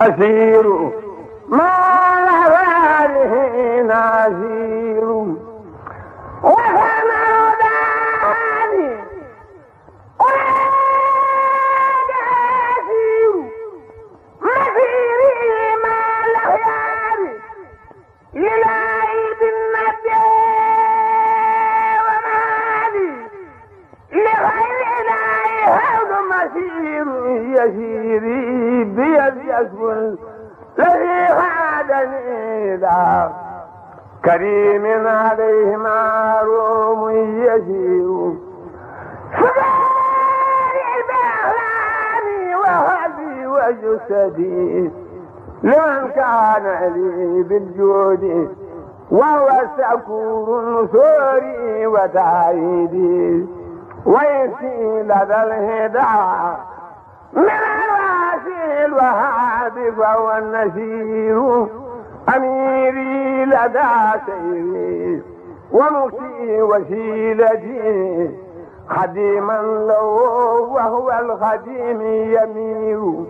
أسير ما لواله نزير وثمودان وعاد أسير مسيري ما لخيار للعيد النبي ومالي لغير الله هذا مسير يسيري يكن الذي عادني إلى كريم عليه روم يسير فدار بهاني وهدي وجسدي لمن كان لي بالجود وهو سكور ثوري وتعيدي ويسي لدى الهدى من الوهاب فهو النشير أميري لدى سيري ومكي وسيلتي خديما له وهو الخديم يمير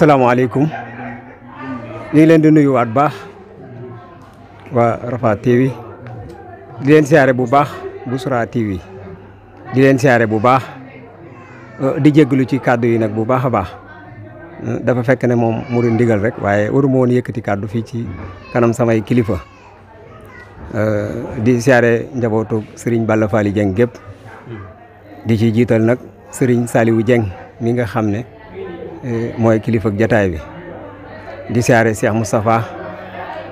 عليكم ñi leen di waat baax waa Rafa TV di leen siyaare bu baax Bichri TV di leen siyaare bu baax euh, di jégalu ci kàddu yi nag bu baax a baax euh, dafa fekk ne moom mu ndigal rek waaye waruma woon yëkkati kàddu fii ci kanam samay kilifa euh, di siyaare njabootu Serigne Balla Fally Dieng gépp di ci jiital nag Serigne Saliou Dieng mi nga xam ne mooy kilifa jataay bi di siyaare Cheikh Moustapha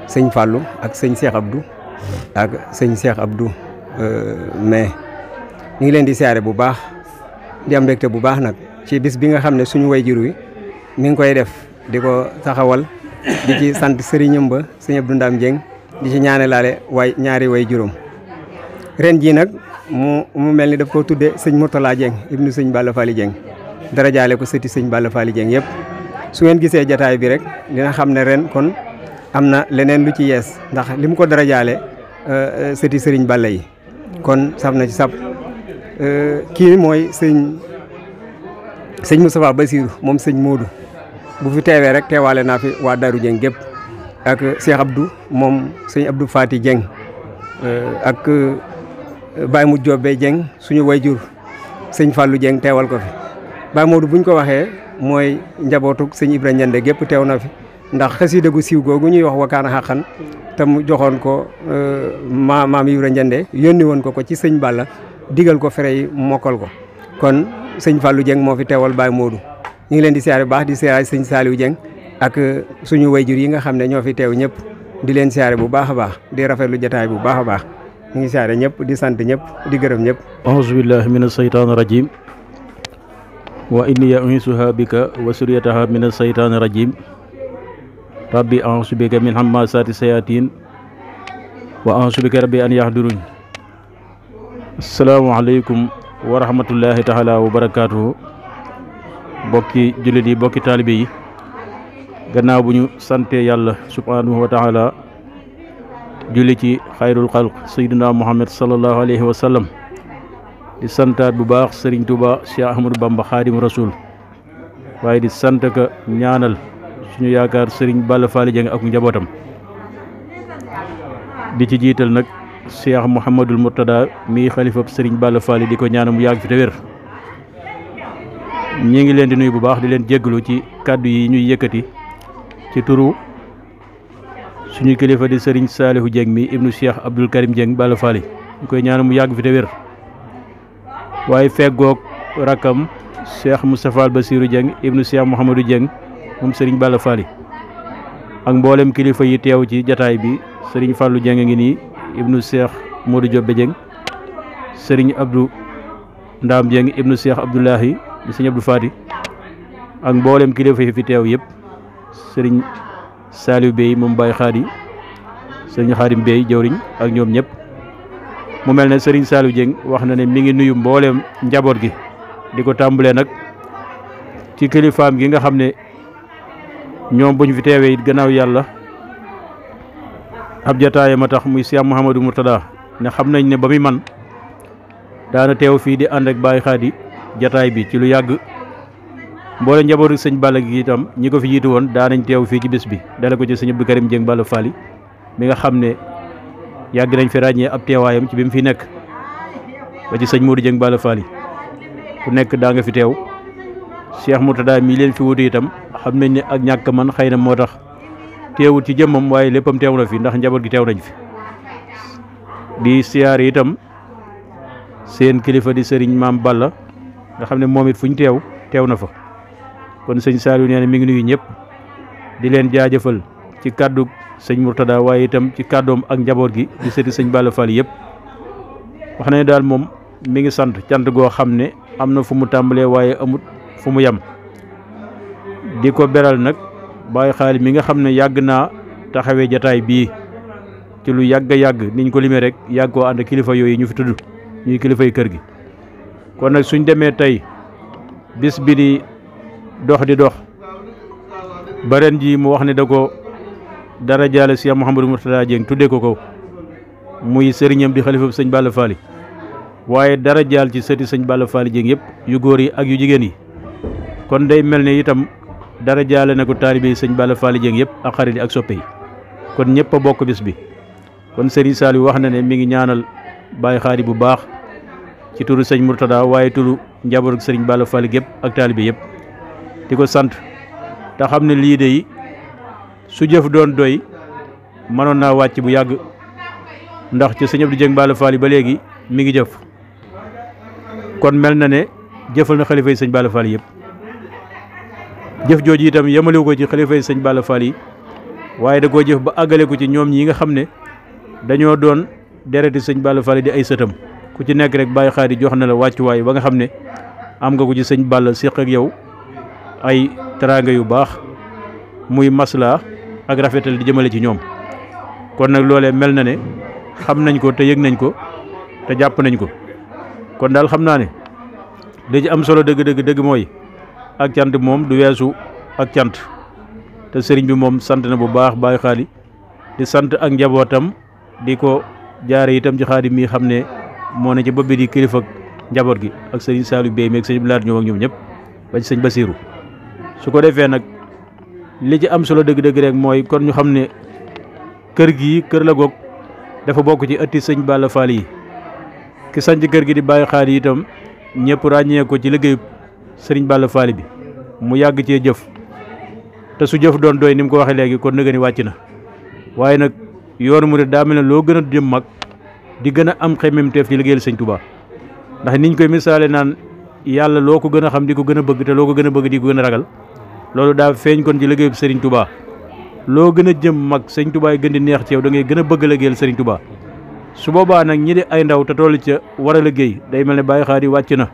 sëñ Fallou ak sëñ Cheikh Abdou ak sëñ Cheikh Abdou euh, mais ñu ngi leen di siyaare bu baax di am bu baax nag ci bis bi nga xam ne suñu wayjur wi mi ngi koy def di ko taxawal di ci sant sëriñam ba sëñ Abdou Ndam Dieng di ci ñaane laale waay ñaari way juróom ren jii nag mu mu mel ni daf koo tudde sëñ Mourtala Dieng ibnu sëñ Balla Fally Dieng dara jaale ko sëti sëñ Balla Fally yëpp su ngeen gisee jataay bi rek dina xam ne ren kon am na leneen lu ci yees ndax li mu ko dara jaale euh, euh, sëti sëriñ Balla yi kon saf na ci sab euh, kii mooy sëñ sëñ Moustapha Bassirou moom sëñ Modou bu fi teewee rek teewaale naa fi waa Darou Dieng gépp ak Cheikh Abdou moom sëñ Abdou Fati Dieng ak Baye Mouj Jobbe Dieng suñu wayjur sëñ Fallou Dieng teewal ko fi Baye Modou buñ ko waxee mooy njabootu sëñ Ibra Ñande gépp teew na fi ndax xasida gu siiw googu ñuy wax wakaana xaqan te mu joxoon ko euh, ma maam Ibra Ñande yónni woon ko ko ci sëñ Balla digal ko fere mokkal ko kon sëñ Fallou Dieng moo fi teewal Baye Modou ñu ngi leen di siyaare baax di siyaare sëñ Saliou jëng ak euh, suñu wayjur yi nga xam ne ñoo fi teew ñëpp di leen siyaare bu baax a baax di rafetlu jataay bu baax a baax ñu ngi siyaare ñëpp di sant ñëpp di gërëm ñëpp. auzu wa inni u'idhuha bika wa suriyataha min ash-shaytaani rajim rabbi a'udhu min hammasati shayatin wa a'udhu rabbi an yahdurun assalaamu aleykum wa rahmatullahi taala wa barakaatuhu bokki jullit yi bokki taalibe yi gannaaw bu sante yàlla subhaanahu wa taala julli ci xayrul xalq sayyidina muhammad sallallahu alayhi wa sallam di santat bu baax serigne Touba Cheikh ahmed Bamba Khadim Rasoul waye di sant ka ñaanal suñu yaakar serigne Balla fall Jeng ak njabotam di ci jital nak Cheikh Mutada, Murtada mi sering serigne Balla fall di ko ñaanam mu fi te ñi ngi leen di nuyu bu baax di leen jéggalu ci kaddu yi ñuy yëkëti ci turu suñu kilifa di serigne Jeng mi ibnu Cheikh Abdul Karim Jeng Balla fall ñu koy ñaanam mu fi te waaye feggoog rakkam cheikh Moustapha al Basirou Dieng ibnu cheikh Mouhamadou Dieng moom sëriñ Balla Fally ak mbooleem kilifa yi teew ci jataay bi sëriñ Fallou Dieng a ngi nii ibnu cheikh Modou Diop Dieng sëriñ Abdou Ndaam Dieng ibnu cheikh Abdoulahi mu sëriñ Abdou Fati ak mboolem kilifa yi fi teew yëpp sëriñ Saliou Bey moom Baye Khady sëriñ Xaadim Bey jëwriñ ak ñoom ñëpp mu mel ne Serigne saalu Dieng wax na ne mi ngi nuyu mbooleem njaboot gi di ko tàmbalee nag ci kilifaam gi nga xam ne ñoom buñ fi teewee it gannaaw yàlla ab jataayam a tax muy Cheikh Mouhamadou Mourtada ne xam nañ ne ba muy man daana teew fii di ànd ak Baye Khady jataay bi ci lu yàgg mboole njabootu sëñ Balla gi itam ñi ko fi jiitu woon daanañ teew fii ci bés bi dale ko ci sëñ Abdou Karim Dieng Balla Fally mi nga xam ne yàgg nañ fi ràññee ab teewaayam ci bi mu fi nekk ci sëñ Modou Dieng Balla Fall ku nekk daa nga fi teew Cheikh Mourtada mii leen fi wutu itam xam nañ ne ak ñàkk man xëy na moo tax teewul ci jëmmam waaye léppam teew na fi ndax njaboot gi teew nañ fi di siyaar itam seen kilifa di sëriñ maam Balla nga xam ne moom it fu teew teew na fa kon sëñ Saliou nee na mi ngi nuyu ñëpp di leen jaajëfal ci kàddu sëñ Mourtada waaye itam ci kàddoom ak njaboot gi di seeti sëñ Balla Fall yëpp wax na daal moom mi ngi sant cant goo xam ne am na fu mu tàmbalee waaye amut fu mu yem di ko beral nag bàyyi xaalis mi nga xam ne yàgg naa taxawee jataay bii ci lu yàgg yàgg niñ ko limee rek yàgg koo ànd kilifa yooyu ñu fi tudd ñuy kilifay kër gi kon nag suñ demee tey bis bi di dox di dox ba ji mu wax ne da ko dara jaale Cheikh Mouhamadou Mourtada Dieng tuddee ko ko muy sëriñam di xalifa sëñ Balla Faali waaye dara jaal ci sëti sëñ Balla Faali Dieng yëpp yu góor yi ak yu jigéen yi kon day mel ne itam dara jaale na ko taalibe sëñ Balla Faali Dieng yëpp ak xarit yi ak soppe yi kon ñëpp bokk bis bi kon sëriñ Saliou wax na ne mi ngi ñaanal Baye Xaadi bu baax ci turu sëñ Mourtada waaye turu njabootu sëriñ Balla Faali gépp ak taalibe yëpp di ko sant te xam su jëf doon doy mënoon naa wàcc bu yàgg ndax ci sëñ Abdou Dieng Balla Fall yi ba léegi mi ngi jëf kon mel na ne jëfal na xalifa yi sëñ Balla Fall yëpp jëf jooju itam yemalewu ko ci xalifa yi sëñ Balla Fall yi waaye da koo jëf ba àggale ko ci ñoom yi nga xam ne dañoo doon dereti sëñ Balla Fall di ay sëtam ku ci nekk rek bàyyi xaar jox na la wàccuwaay ba nga xam ne am nga ko ci sëñ Balla séq ak yow ay teraanga yu baax muy maslaa ak rafetal di jëmale ci ñoom kon nag loolee mel na ne xam nañ ko te yëg nañ ko te jàpp nañ ko kon daal xam naa ne li ci am solo dëgg-dëgg dëgg mooy ak cant moom du weesu ak cant te sëriñ bi moom sant na bu baax Baay Xaali di sant ak njabootam di ko jaare itam ci xaadim mi xam ne moo ne ci bopp bi di kilifa njaboot gi ak sëriñ Saalu Bey mi ak sëriñ Bilaat ñoom ak ñoom ñëpp ba ci sëñ Basiiru su ko defee nag li ci am solo dëgg-dëgg rek mooy kon ñu xam ne kër gi kër la goog dafa bokk ci ëtti sëñ Balla Fall yi ki sanc kër gi di bàyyi xaar yi itam ñëpp ràññee ko ci liggéeyu sëriñ Balla Fall bi mu yàgg cee jëf te su jëf doon doy ni mu ko waxee léegi kon nëgë wàcc na waaye nag yoonu murid daa mel ne loo gën a jëm mag di gën a am xemem teef ci liggéeyal sëñ tubaa ndax niñ koy misaale naan yàlla loo ko gën a xam di ko gën a bëgg te loo ko gën a bëgg di ko gën a loolu daa feeñ kon ci liggéeyub Serigne tubaa loo gën a jëm mag Serigne Touba gën di neex ci yow da ngay gën a bëgg a sëriñ Serigne Touba su boobaa nag ñi di ay ndaw te toll ca war a liggéey day mel ne Baye Khady wàcc na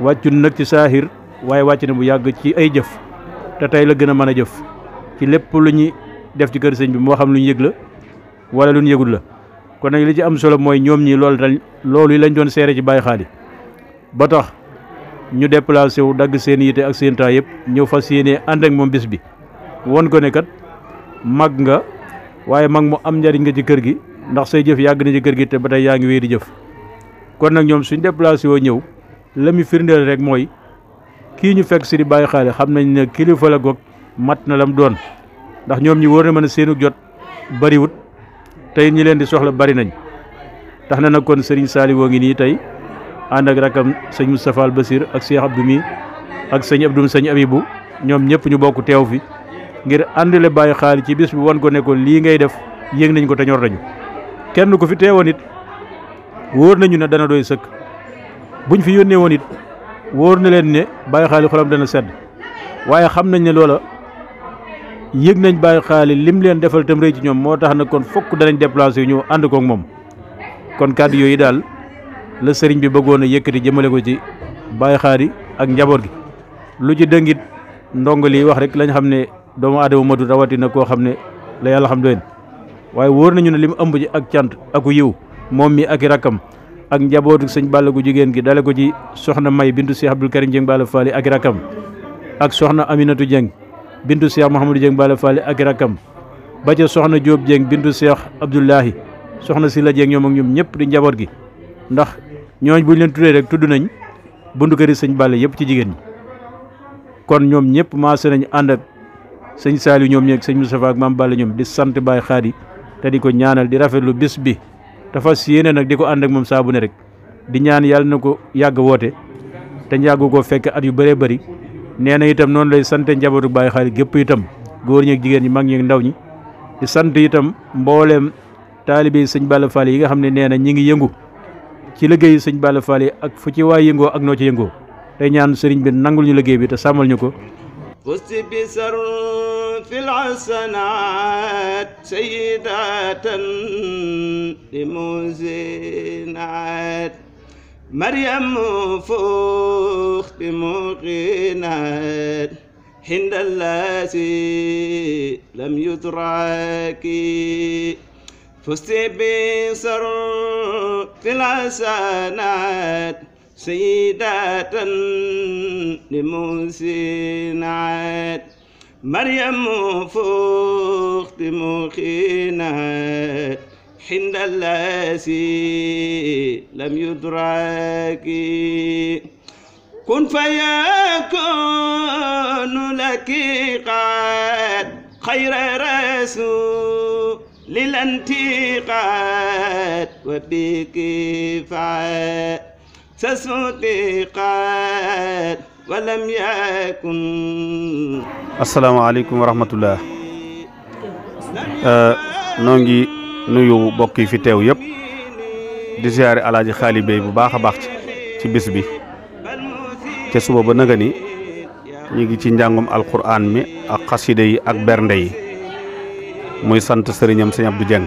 wàccul nag ci saahir waaye wàcc na bu yàgg ci ay jëf te tey la gën a mën a jëf ci lépp lu ñuy def ci kër sëñ bi moo xam luñ ñu la wala lu ñu yëgul la kon nag li ci am solo mooy ñoom ñii lool dañ loolu yi lañ doon seere ci Baye Khady ba tax ñu déplacé wu dagg seen yite ak seen temps yëpp ñëw fas yéene ànd moom bis bi won gone kat mag nga waaye mag mu am njariñ nga ci kër gi ndax say jëf yàgg na ci kër gi te ba tey yaa ngi wéy di jëf kon nag ñoom suñ déplacé woo ñëw la mu firndeel rek mooy kii ñu fekk si di bàyyi xaale xam nañ ne kilifa la goog mat na lam doon ndax ñoom ñi wóor na mën a seenu jot bariwut tey ñi leen di soxla bari nañ tax na nag kon Serigne Saliou woo ngi nii tey ànd ak rakam sëñ Moustapha Al Basir ak Cheikh Abdou mi ak sëñ Abdou sëñ Abibou ñoom ñëpp ñu bokk teew fi ngir àndale bàyyi xaali ci bis bi wan ko ne lii ngay def yéeg nañ ko te ñor nañu kenn ku fi teewoon it wóor nañu ne dana doy sëkk buñ fi yónnee woon it wóor na leen ne bàyyi xaali xolam dana sedd waaye xam nañ ne loola yég nañ bàyyi xaali lim leen defal tam rëy ci ñoom moo tax na kon fokk danañ déplacé yu ñëw ànd koog moom kon kàddu yooyu daal la sëriñ bi bëggoon a yëkkati jëmale ko ci Baye Xaadi ak njaboot gi lu ci dëngit ndongo li wax rek lañ xam ne doomu aadama matu rawatina koo xam ne la yàlla xam doyen waaye wóor nañu ne li mu ëmb ci ak cant aku yiw moom mii ak i rakkam ak njabootu sëñ Balla ku jigéen gi dale ko ci soxna May bintu seex Abdou Karim Dieng Balla Fally ak rakkam ak soxna Aminatu Dieng bintu Cheikh Mouhamadou Dieng Balla Fally ak i rakkam ba ca soxna Diop Dieng bintu Cheikh soxna Sila Dieng ñoom ak ñoom ñëpp di njaboot gi ñooñ bu leen tuddee rek tudd nañ bundu këri sëñ Balla yëpp ci jigéen ñi kon ñoom ñëpp maase nañu ànd ak sëñ Saliou ñoom ñeeg sëñ Moustapha ak maam Balla ñoom di sant Baye Khady te di ko ñaanal di lu bis bi te fas nag di ko ànd ak moom saa bu ne rek di ñaan yàlla na ko yàgg woote te yàggu ko fekke at yu bëree bëri nee na itam noonu lay sante njabootu Baye Khady gépp itam góor ñeeg jigéen ñi mag ñeeg ndaw ñi di sant itam mbooleem taalibe sëñ Balla Fall yi nga xam ne nee na ñi ngi yëngu ci liggéey sëñ Balla Fall yi ak fu ci waay yëngoo ak noo ci yëngoo tey ñaan sëriñ bi nangul ñu liggéey bi te sàmmal ñu ko xusi bi sar fi lxasanaat li musinaat مريم فخت مقينات حين التي لم يدرك فزت في الحسنات سيدة لمحسنات مريم فخت مخينات حين الذي لم يدرك كن فيكون لك قد خير رسول للانتقاد وبكفاء تصدقات ولم يكن السلام عليكم ورحمة الله نونجي نيو بوكي في تيو يب di ziaré alaaji xaali bay bu baax a baax ci bis bi ca suba ba naga ni ñu ngi ci alquran mi ak muy sant sëriñam serigne Abdou Dieng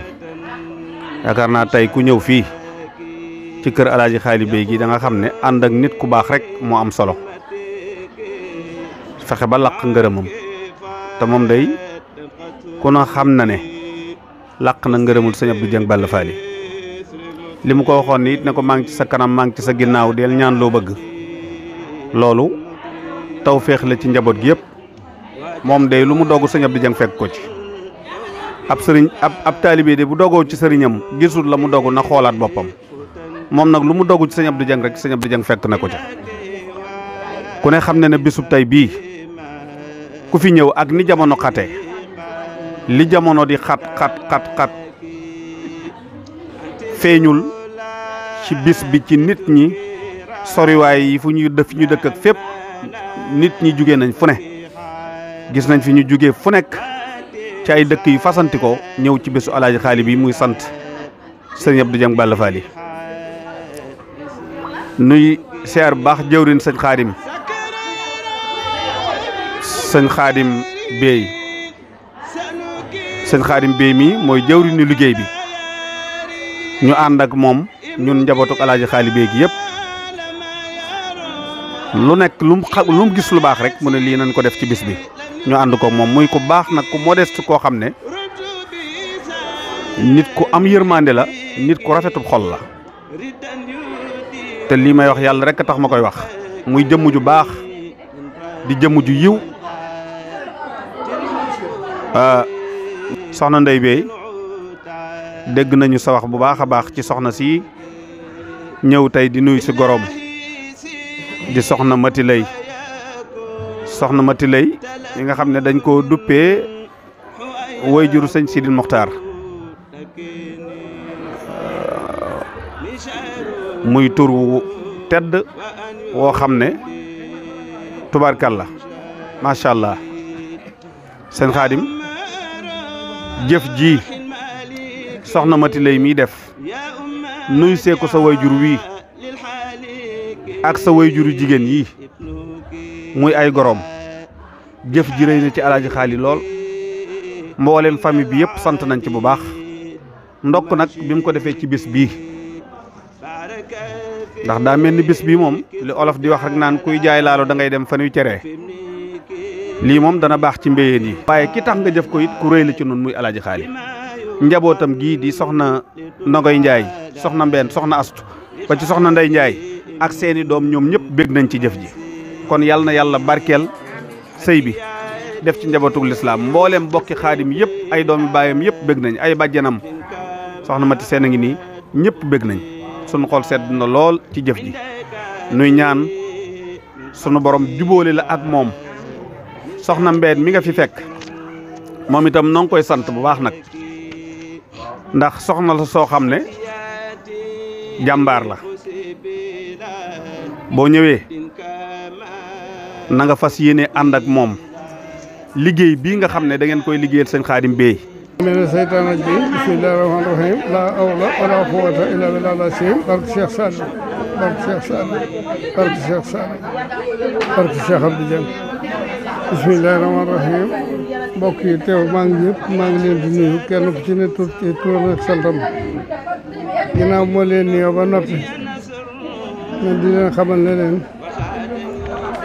yakarna tay ku ñew fi ci kër alaaji khali bey gi da nga xamne and ak nit ku bax rek mo am solo fexé ba laq ngeureumum te mom day ku na xam na ne laq na ngeureumul serigne Abdou Dieng Balla fali li ko waxoon nit it ne ko maa ci sa kanam mang ci sa ginnaw del ñaan lo bëgg lolu tawfiq la ci njabot gi yep mom day lu mu dogu serigne Abdou Dieng fekk ko ci ab sëriñ ab ab talibé dé bu dogo ci serignam gisul la mu na xolat bopam mom nak lu mu dogu ci sëñ Abdou jang rek sëñ Abdou jang fekk na ci ku ne xamné ne bisub tay bi ku fi ñew ak ni jamono xaté li jamono di xat xat xat xat feñul ci bis bi ci nit ñi way yi fu ñuy def ñu dekk ak fep nit ñi juggé nañ fu ne gis nañ fi ñu juggé fu nek ci ay dëkk yu fasanti ko ñew ci bésu alaaji khalib bi muy sante serigne Abdou jang Balla fali nuy ser bax jëwrin serigne khadim serigne khadim bey serigne khadim bey mi mooy ni liggey bi ñu and ak mom ñun njabotuk alaaji khalib beey gi lu nek lu lu gis lu bax rek mu ne li nañ ko def ci bis bi ñu and ko mom muy ku bax nak ku modeste ko xamne ne nit ku am yermande la nit ku rafetu xol la te li may wax yalla rek tax makoy wax muy jëm ju bax di jëm ju yiw ah, soxna ndey be dégg nañu sa wax bu baax bax ci soxna si ñew tay di nuyu ci gorom di soxna Mati Lay soxna Mati Lay yi nga xam ne dañ koo duppee woy juru sëñ Sidil Mokhtar euh, muy tur wu tedd woo xam ne tubaarkàlla macha allah seen xaadim jëf ji soxna Mati Lay miy def nuyu see ko sa jur wii ak sa woy juru jigéen yi muy ay gorom jëf ji reyna ci alaaji xaali lool mboolem fami bi yépp sant nañ ci bu baax ndokk nak bi ko defee ci bis bi ndax da melni bis bi mom li olof di wax rek naan kuy jaay laalo da ngay dem fan téré limom mom dana baax ci mbeyeen yi waye ki tax nga jëf ko it ku reey la ci nun muy alaaji xaali njabotam gi di soxna Ndogoy Njaay soxna mbenn soxna Astu ba ci soxna nday Njaay ak seeni dom ñom ñëpp begg nañ ci jëf ji kon yàlla na yalla barkeel sëy bi def ci njabootug lislaam mbooleem bokki xaadim yëpp ay doomi baayam yëpp bëgg nañ ay bàjjanam soxna Mati Seen a ngi nii ñëpp bëgg nañ sunu xol sedd na lool ci jëf ji nuy ñaan sunu borom jubóole la ak moom soxna mbeet mi nga fi fekk moom itam noo ngi koy sant bu baax nag ndax soxna soo xam ne jàmbaar la boo ñëwee nanga fas yéene ànd ak moom liggéey bii nga xam ne da koy liggéeyal sëñ Xaadim Bey mel ne seytaan aj bi bismillahi rahmaani rahim laa awla wala quwwata illa la sim barke Cheikh Sall barke Cheikh Sall barke Cheikh Sall barke Cheikh Abdou Dieng bismillahi rahmaani rahim mbokk yi teew maa maa ngi leen di nuyu kenn ku ci ne tur ci turam ba noppi man xamal ne leen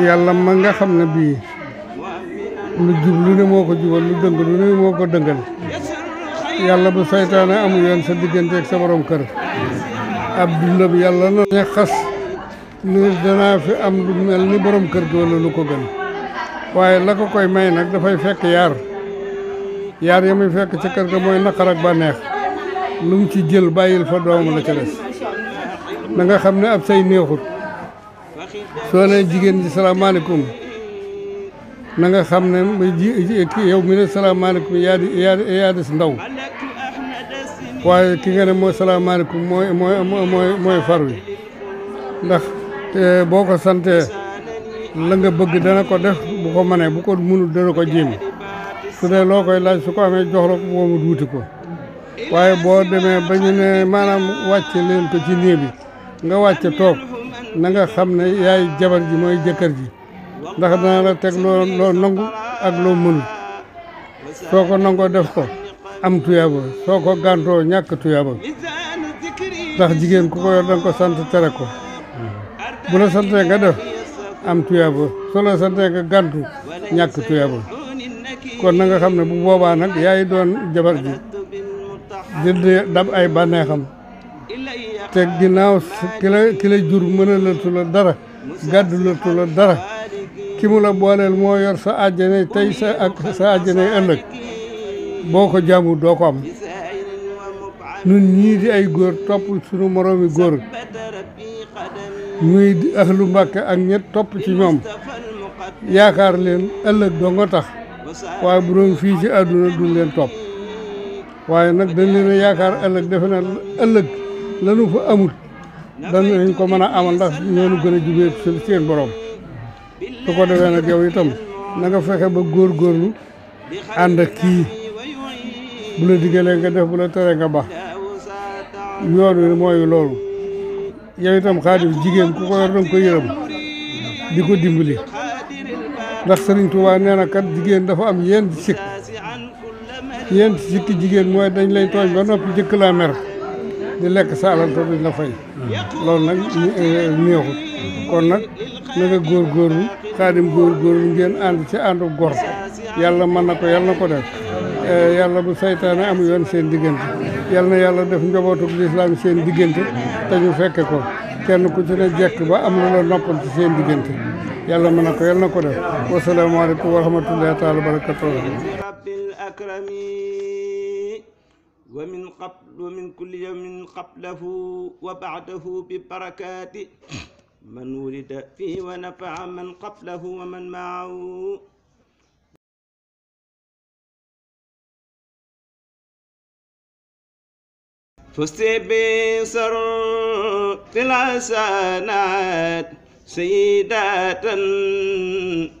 yàlla man nga xam ne bii lu jub lu ne ko jubal lu dëng lu ne ko dëngal yàlla bu saytaane amu yoon sa diggante ak sa borom kër ab dundam yàlla na ne ni danaa fi am lu mel ni borom kër gi wala lu ko gën waaye la ko koy may nag dafay fekk yaar yaar ya muy fekk ca kër ga mooy naqar ak bànneex lu mu ci jël bàyyil fa doomu la ca des nga xam ne ab say neexut soo jigéen ji salaamaaleykum na nga xam ne kii yow mi ne salaamaaleykum yaa di yaa des ndaw waaye ki nga ne mooy salaamaaleykum mooy mooy mooy mooy far wi ndax boo ko santee la nga bëgg dana ko def bu ko mënee bu ko mënul dana ko jéem su dee loo koy laaj su ko amee jox la ko moomu waaye boo demee ba maanaam wàcce leen ko ci néeg nga wàcce toog na nga xam ne yaay jabar ji mooy jëkkër ji ndax naa la teg loo loo nangu ak loo mënu soo ko nangoo def ko am tuyaaba soo ko gàntoo ñàkk tuyaaba ndax jigéen ku ko yor ko sant tere ko bu la santee nga def am tuyaaba soo la santee nga gàntu ñàkk tuyaaba kon na nga xam ne bu boobaa nag yaay doon jabar ji di dab ay bànneexam te ginnaaw ki la ki la jur mënalatu la dara gàddulatu la dara ki la booleel moo yor sa àjjana tey sa ak sa àjjana ëllëg boo ko jaamu doo ko am nun ñii di ay góor topp sunu moroomi góor muy ahlu Mbàkke ak ñett topp ci ñoom yaakaar leen ëllëg doo nga tax waaye bu doon fii ci àdduna duñ leen topp waaye nag dañ leen a yaakaar ëllëg defe na ëllëg lanu fa amul danañ ko mën a amal ndax ñoonu gën a jubee seen borom su ko defee nag yow itam na nga fexe ba góorgóorlu ànd ak kii bu la diggalee nga def bu la tere nga baax yoon wi mooy loolu yow itam xaadim jigéen ku ko yor danga ko yërëm di ko dimbali ndax sëriñ Tuubaa nee na kat jigéen dafa am yéen sikk yéen sikki jigéen mooy dañ lay tooñ ba noppi jëkk laa mer di lekk sa alal te duñ la fay loolu nag eh, neexut kon nag na nga góor góorlu xaadim góor góorlu ngeen ànd ci àndu gor yàlla man na ko yàlla na ko def eh, yàlla bu saytaane am yoon seen diggante yàlla na yàlla def njabootu lislaam seen diggante te ñu fekke ko kenn ku ci ne jekk ba am lu la noppal ci seen diggante yàlla mën na ko yàlla na ko def wasalaamaaleykum wa rahmatullahi taala wa barakatuh ومن قبل ومن كل يوم قبله وبعده ببركات من ولد فيه ونفع من قبله ومن معه فسبي سر في الحسنات سيدات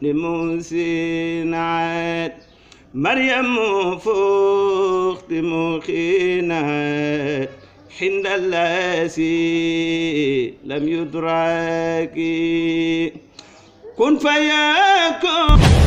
لمحسنات مريم فوخت مخينا حين الاسي لم يدرك كن فياكم